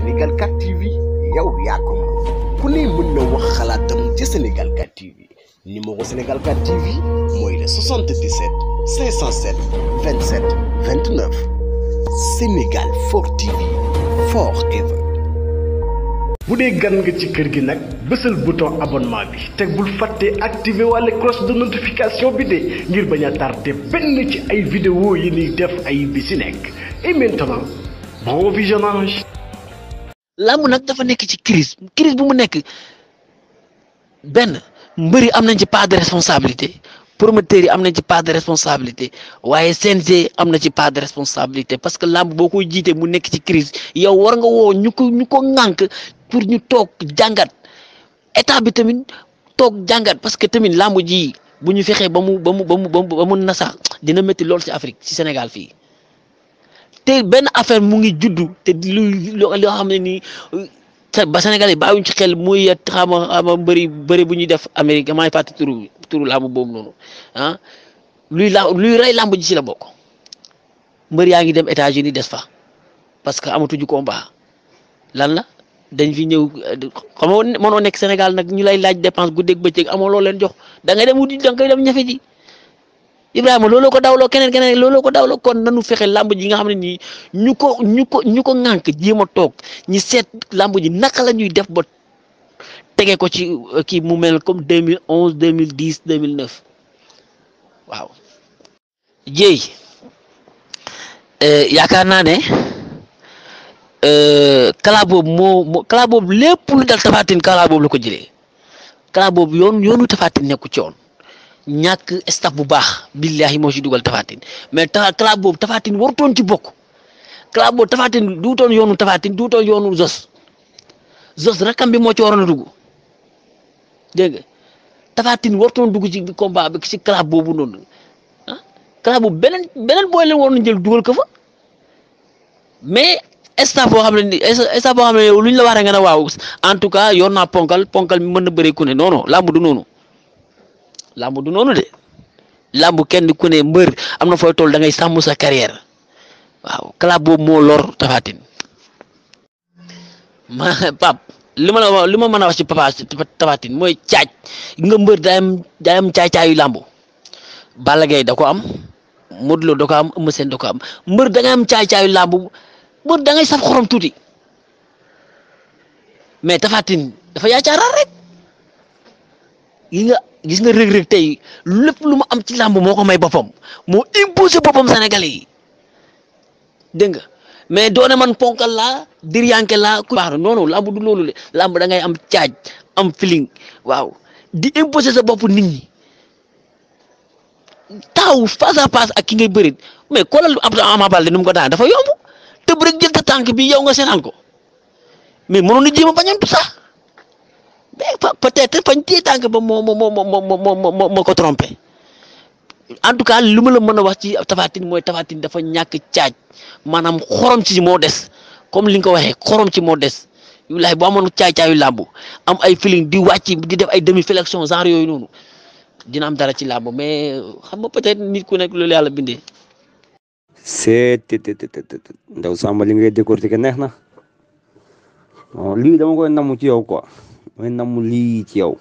Sénégal 4 TV yow yaa ko moom ku ne mën na wax xalaatam ci Sénégal 4 TV numéro Sénégal 4 TV moy le 77 507 27 29 Sénégal 4 TV forever. bu dee gan nga ci kër gi nag bésal bouton abonnement bi teg bul fàtte activé cloche de notification bi ne ngir bañ a tardé ci ay vidéo yi ni def ay et maintenant bon visionnage. làmb nag dafa nekk ci crise crise bu mu nekk benn mbëri am nañ ci part de responsabilité promoteurs yi am nañ ci part de responsabilité waaye CNG am na ci part de responsabilité parce que làmb boo koy jiitee mu nekk ci crise yow war nga woo ñu ko ñu ko ŋànk pour ñu toog jàngat état bi tamit toog jàngat parce que tamit làmb ji bu ñu fexee ba mu ba mu ba mu ba mu nasa dina métti lool ci Afrique ci Sénégal fii te benn affaire mu ngi juddu te lu loo xam ne nii ba Sénégal yi bàyyiwuñ ci xel muy xama xama mbëri bëri bu ñuy def Amérique maa ngi fàtte turu turu làmb boobu noonu ah luy la luy rey làmb ji si la bokk mbër yaa ngi dem États-Unis des fa parce que amatuñu combat lan la dañ fi ñëw xam nga mënoo nekk Sénégal nag ñu lay laaj dépense guddeeg bëccëg amoo loo leen jox da dem wuti da dem ñafe ji Ibrahima looloo ko dawloo keneen keneen looloo ko dawloo kon nanu fexe làmb ji nga xam ne nii ñu ko ñu ko ñu ko ŋànk jéem a toog ñi seet làmb ji naka la ñuy def ba tege ko ci euh, kii mu mel comme 2011 2010 2009 waaw. Jéy euh, yaakaar naa ne euh, kala boobu moo moo kala boobu lépp lu dal Tapha Tine kala boobu la ko jëlee kala boobu yoon yoonu Tapha Tine nekku ci woon ñàkk staff bu baax billahi moo ci dugal Tapha mais ta club boobu Tapha Tine warutoon ci bokk club boobu Tapha Tine duutoon yoonu Tapha Tine duutoon yoonu Zos Zos rakam bi moo ci waroon a dugg dégg nga Tapha Tine warutoon dugg ci combat bi ci club boobu noonu ah club boobu beneen beneen booy leen waroon a jël dugal ko fa mais staff boo xam ne nii staff boo xam ne lu ñu la wax rek nga ne waaw en tout cas yoon naa ponkal ponkal mi mën na bëri ku ne non non du noonu. làmb du noonu de làmb kenn ku ne mbër am na fooy toll da ngay sàmm sa carrière waaw club boobu moo lor Tapha Tine ma pap li ma la li ma mën a wax ci papa mooy caaj nga mbër daa am daa am caay-caayu ko am Modou Lo da ko mbër da ngay caay-caayu làmb mbër da saf xorom tuuti mais Tapha dafa yaacaaraat rek yi nga gis nga rëg-rëg tey lépp lu mu am ci làmb moo ko may boppam moo imposé boppam Sénégalais yi dégg nga mais doone man ponkal laa diryanke laa ku baax noonu làmb du loolu le làmb dangay am caaj am feeling waaw di imposé sa bopp nit ñi taaw face à face ak ki ngay bëri mais koolal ab Ama de nu ko daan dafa yomb tëb rek jël ta tànk bi yow nga seenaan ko mais mënoon na jéem a bañantu sax peut-être fañ téye tànk ba moo moo moo moo moo ko trompé en tout cas lu ma la mën a wax ci Tapha Tine mooy Tapha Tine dafa ñàkk caaj maanaam xorom ci moo des comme li nga ko waxee xorom ci moo des wallaahi boo amoon caay-caayu làmb am ay feeling di wàcc di def ay demi flexion genre yooyu noonu dina dara ci làmb mais xam nga peut-être nit ku nekk loolu yàlla bindee. seet ndaw Samba li ngay neex na lii dama koy namu ci yow quoi. mooy namm lii ci yow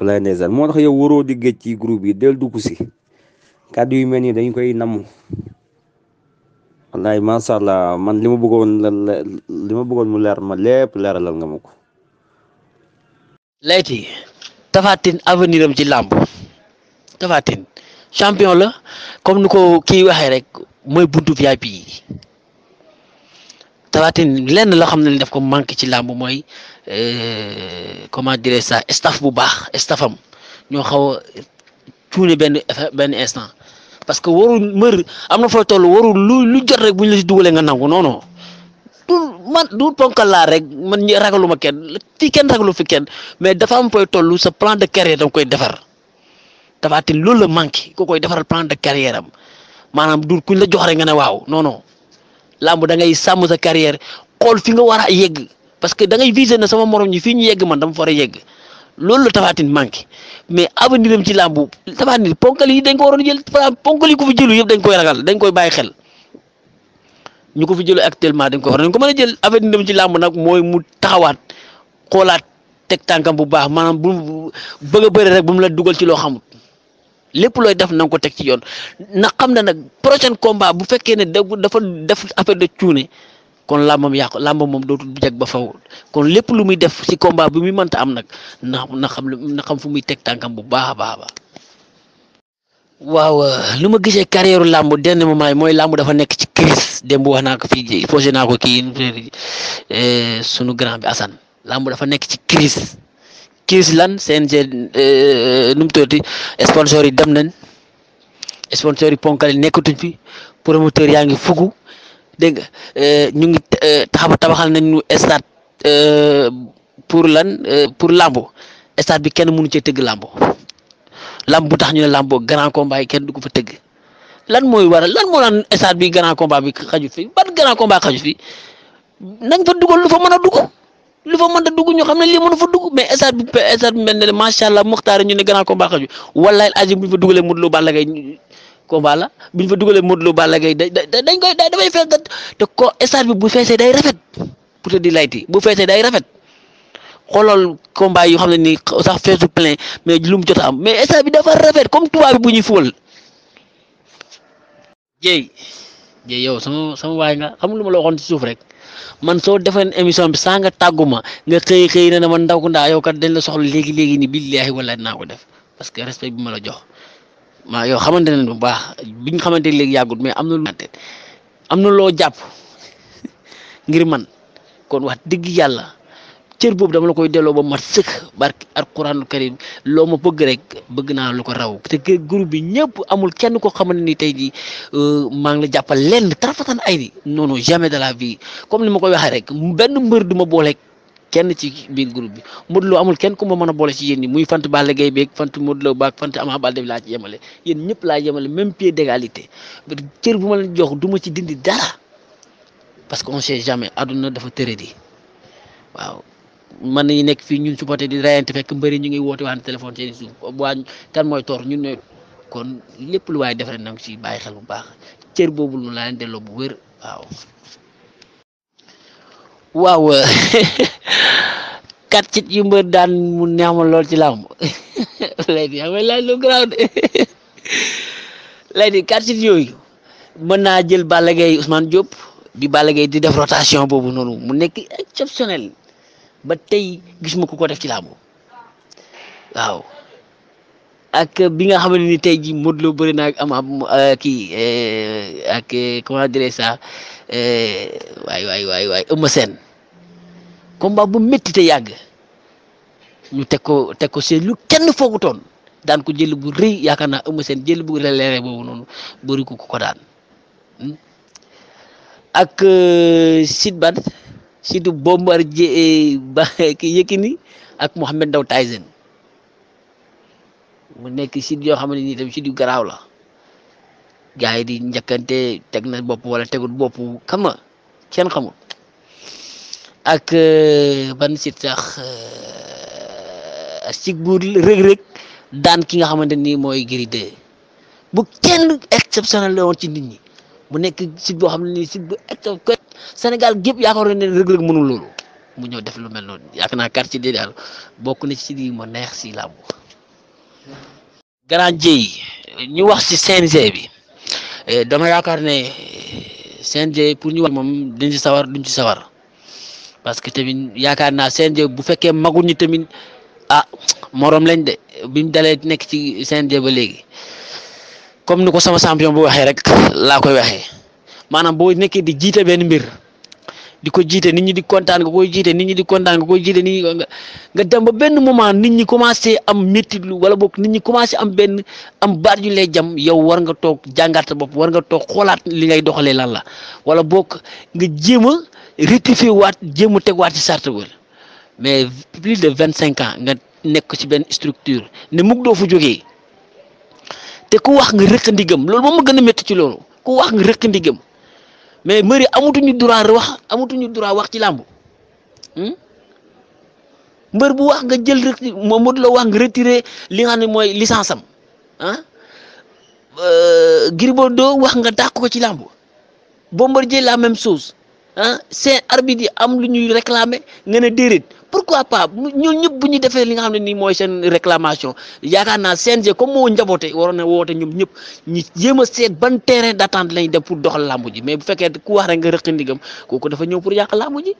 walaay ndeysaan moo tax yow waroo di géej ci groupe yi del dugg si kàddu yu mel nii dañ koy nam wallaay macha man li ma bëggoon li ma mu leer ma lépp leeralal nga ma ko. Leyti Tapha ci làmb Tapha Tine la comme ni ko kii waxee rek mooy buntu VIP yi Tafatin lenn loo xam ne daf ko manqué ci làmb mooy euh, comment dirais ça staf bu baax staffam ñoo xaw a benn benn instant parce que warul mër am na fooy toll warul lu lu jot rek bu ñu la si nga nangu non non du man du ponkal laa rek man ñi ragalu ma kenn fii kenn ragalu fi kenn mais dafa am fooy toll sa plan de carrière danga koy defar Tafatin loolu la manqué ko koy defar plan de carrière am maanaam du kuñ la jox nga ne waaw non làmb da ngay sàmm sa carrière xool fi nga war a yegg parce que da ngay viser na sama moroom ñi fii ñu yegg man dama fa a yegg loolu la Tapha Tine manqué mais avenir am ci làmb Tapha Tine ponkal yi dañ ko waroon jël ponkal yi ku jëlu yëpp dañ koy ragal dañ koy bàyyi xel ñu ko fi jëlu actuellement dañ koy war dañ ko mën a jël avenir am ci làmb nag mooy mu taxawaat xoolaat teg tànkam bu baax maanaam bu bëgg a bëri rek bu mu la dugal ci loo xamut lépp looy def na ko teg ci yoon na xam na nag prochain combat bu fekkee ne dafa def affaire de cuune kon làmbam yàqu làmb moom dootul jag ba faw kon lépp lu muy def ci combat bi muy mënta am nag na na xam na xam fu muy teg tànkam bu baax a baax baax waaw lu ma gisee carrière làmb den moment yi mooy làmb dafa nekk ci crise démb wax naa ko fii posé naa ko kii eh, sunu grand bi Assane làmb dafa nekk ci crise kiis lan CNG euh, nu mu tuddati sponsor yi dem nañ sponsor yi ponkal yi nekkatuñ fi promoteur yaa ngi fugu dégg nga euh, ñu ngi euh, taxaba tabaxal nañ ñu stade pour lan pour lambo stade bi kenn mënu cee tëgg lambo lamb bu tax ñu ne lambo grand combat yi kenn du ko fa tëgg lan mooy waral lan moo lan stade bi grand combat bi xaju fi ban grand combat xaju fi nañ fa dugal lu fa mën a dugal lu fa mënta dugg ñu xam ne lii mënu fa dugg mais stade bi stade bi mel ne macha allah muxtaar ñu ne gannaaw combat xaju wallahi aji bu fa dugalee Modou Lo Balla Gaye combat ñu fa dugalee Modou Lo Balla Gaye da dañ koy da dafay fees te ko stade bi bu feesee day rafet pour te di layti bu feesee day rafet xoolal combat yu xam ne nii sax feesu plein mais lu mu jot am mais stade bi dafa rafet comme tubaab bi bu ñuy fóol jéey yow sama sama waay nga xam lu ma loxoon waxoon ci suuf rek. man soo defoon émission bi saa nga tàggu nga xëy xëy na ne man ndaw ko ndaa yow kat dañ la soxla léegi léegi ni billaahi wala naa ko def parce que respect bi ma la jox maa yoo xamante ne bu baax biñ xamante léegi yàggut mais am na lu am na loo jàpp ngir man kon wax digg yàlla cër boobu dama la koy delloo ba mat sëkk barke alquraan karim loo ma bëgg rek bëgg naa lu ko raw te groupe bi ñëpp amul kenn koo xamante ni tey jii euh, maa ngi la jàppal lenn tarafatan ay ni non non jamais de la vie comme ni ma koy waxee rek benn mbër du ma boole kenn ci biir groupe bi Modou Lo amul kenn ku ma mën a boole ci yéen ñi muy fant bale gay beeg fant Modou Lo baag fant Ama Baldé bi laa ci yemale yéen ñëpp laa yemale même pied d'égalité cër bu ma leen jox duma ci dindi dara parce que on sait jamais dafa tëradi waaw. man nañu nekk fii ñun supporter di rayante fekk mbëri ñu ngi wote waxante téléphone seen suuf waañ kan mooy toor ñun ne kon lépp lu waaye def rek nang si bàyyi xel bu baax cër boobu lu laa leen delloo bu wér waaw waaw kat euh, ci yu mbër daan mu neex ma lool ci làmb léegi xam nga laaj lu garaaw de léegi kat ci yooyu mën naa jël Balla Gaye Ousmane Diop bi Balla di def rotation boobu noonu mu nekk exceptionnel ba tey gis ma ku ko def ci làmb waaw ak bi nga xam ne ni tey ji Modou Lo bëri na ak Ama eh, kii eh, ak eh, comment dirais ça waay waay waay waay Eumeu Sène combat bu métti te yàgg ñu teg ko teg ko seen lu kenn foogutoon daan ko jël bu rëy yaakaar naa ma seen jël bu leere boobu noonu bëri ko ko daan hmm? ak Sitbad surtout Bombardier ba ki Yékini ak Mohamed Ndao Tyson mu nekk site yoo xam ne nii tamit site yu garaaw la gars yi di njëkkante teg na bopp wala tegul bopp xam nga kenn xamul ak euh, ban site sax site bu rëg-rëg daan ki nga xamante ni mooy Gris 2 bu kenn exceptionnel la ci nit ñi. mu nekk site boo xam ne nii site bu exceptionnel Sénégal gépp yaakaar ne Reug Reug mënul loolu mu ñëw def lu mel noonu yaakaar naa quartier bi daal bokk na ci site yi ma neex si làmb. Grand Dieye ñu wax si CNG bi eh, dama yaakaar ne eh, CNG pour ñu wax moom duñ ci sawar duñ ci sawar parce que tamit yaakaar naa CNG bu fekkee maguñu tamit ah moroom lañ de biñ dalee nekk ci CNG ba léegi. comme ni ko sama champion bu waxee rek laa koy weexee maanaam boo nekkee di jiite benn mbir di ko jiite nit ñi di kontaan nga koy nit ñi di kontaan nga koy jiite nit ñi nga dem ba benn moment nit ñi commencé am métitlu wala boog nit ñi commencé am benn am baat yu lay jam yow war nga toog jàngat bopp war nga toog xoolaat li ngay doxalee lan la wala book nga jéem a rectifier waat jéem a tegwaat ci sart bi mais plus de vingt cinq ans nga nekk ci benn structure ne mukk doo fu jógee. te ku wax nga rëq ndigam loolu moom ma gën a métti ci loolu ku wax nga rëq ndigam mais mëri amatuñu droit wax amatuñu droit wax ci làmb hmm? mbër bu wax nga jël rek moom Modou Lo li xam ne mooy licence am ah euh, Gris Bordeaux wax nga dàq ko ci làmb Bombardier la même chose ah seen arbitre yi am lu ñuy réclamer nga ne déedéet pourquoi pas ñun ñëpp bu ñu defee li nga xam ne nii mooy seen réclamation yaakaar naa CNG comme moo njaboote waroon na woote ñoom ñëpp ñi jéem a seet ban terrain d'attente lañ def pour doxal làmb ji mais bu fekkee ku wax rek nga rëq ndigam kooku dafa ñëw pour yàq làmb ji